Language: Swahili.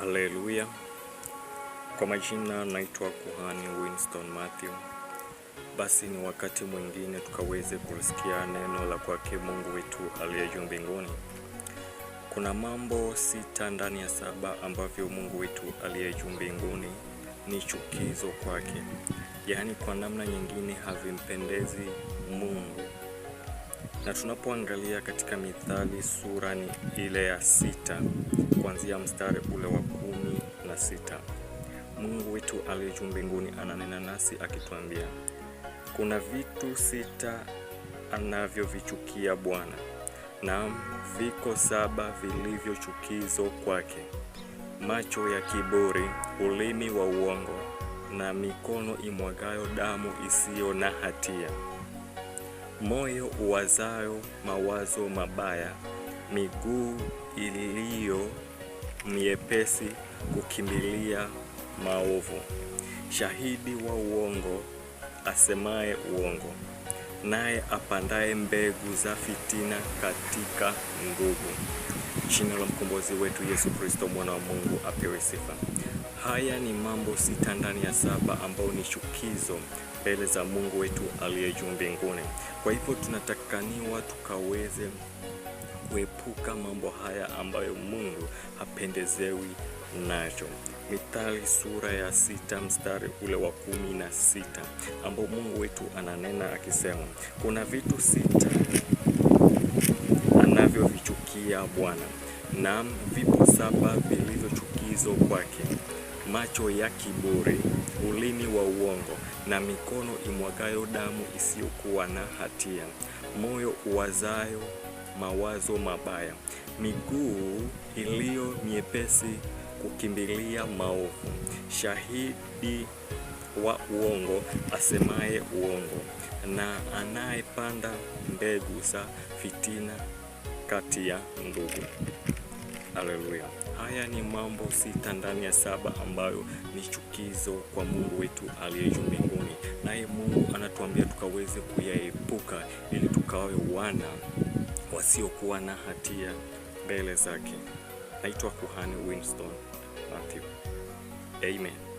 aleluya Kwa majina naitwa Kuhani Winston Mathew. Basi ni wakati mwingine tukaweze kusikia neno la kwake Mungu wetu aliye juu mbinguni. Kuna mambo sita ndani ya saba ambavyo Mungu wetu aliye juu mbinguni ni chukizo kwake, yaani kwa namna nyingine havimpendezi Mungu. Na tunapoangalia katika Mithali sura ni ile ya sita kuanzia mstari ule wa kumi na sita Mungu wetu aliye mbinguni ananena nasi akituambia, kuna vitu sita anavyovichukia Bwana, na viko saba vilivyochukizo kwake: macho ya kiburi, ulimi wa uongo, na mikono imwagayo damu isiyo na hatia moyo uwazayo mawazo mabaya, miguu iliyo miepesi kukimbilia maovu, shahidi wa uongo asemaye uongo, naye apandaye mbegu za fitina katika nguvu. Jina la mkombozi wetu Yesu Kristo, mwana wa Mungu, apewe sifa. Haya ni mambo sita ndani ya saba ambayo ni chukizo mbele za Mungu wetu aliye juu mbinguni. Kwa hivyo tunatakaniwa tukaweze kuepuka mambo haya ambayo Mungu hapendezewi nacho. Mithali sura ya sita mstari ule wa kumi na sita ambao Mungu wetu ananena akisema, kuna vitu sita anavyovichukia Bwana, naam vipo saba vilivyo chukizo kwake macho ya kiburi, ulimi wa uongo na mikono imwagayo damu isiyokuwa na hatia, moyo uwazayo mawazo mabaya, miguu iliyo nyepesi kukimbilia maovu, shahidi wa uongo asemaye uongo, na anayepanda mbegu za fitina kati ya ndugu. Haleluya! Haya ni mambo sita ndani ya saba ambayo ni chukizo kwa Mungu wetu aliye juu mbinguni, naye Mungu anatuambia tukaweze kuyaepuka ili tukawe wana wasiokuwa na hatia mbele zake. Naitwa Kuhani Winston Matthew. Amen.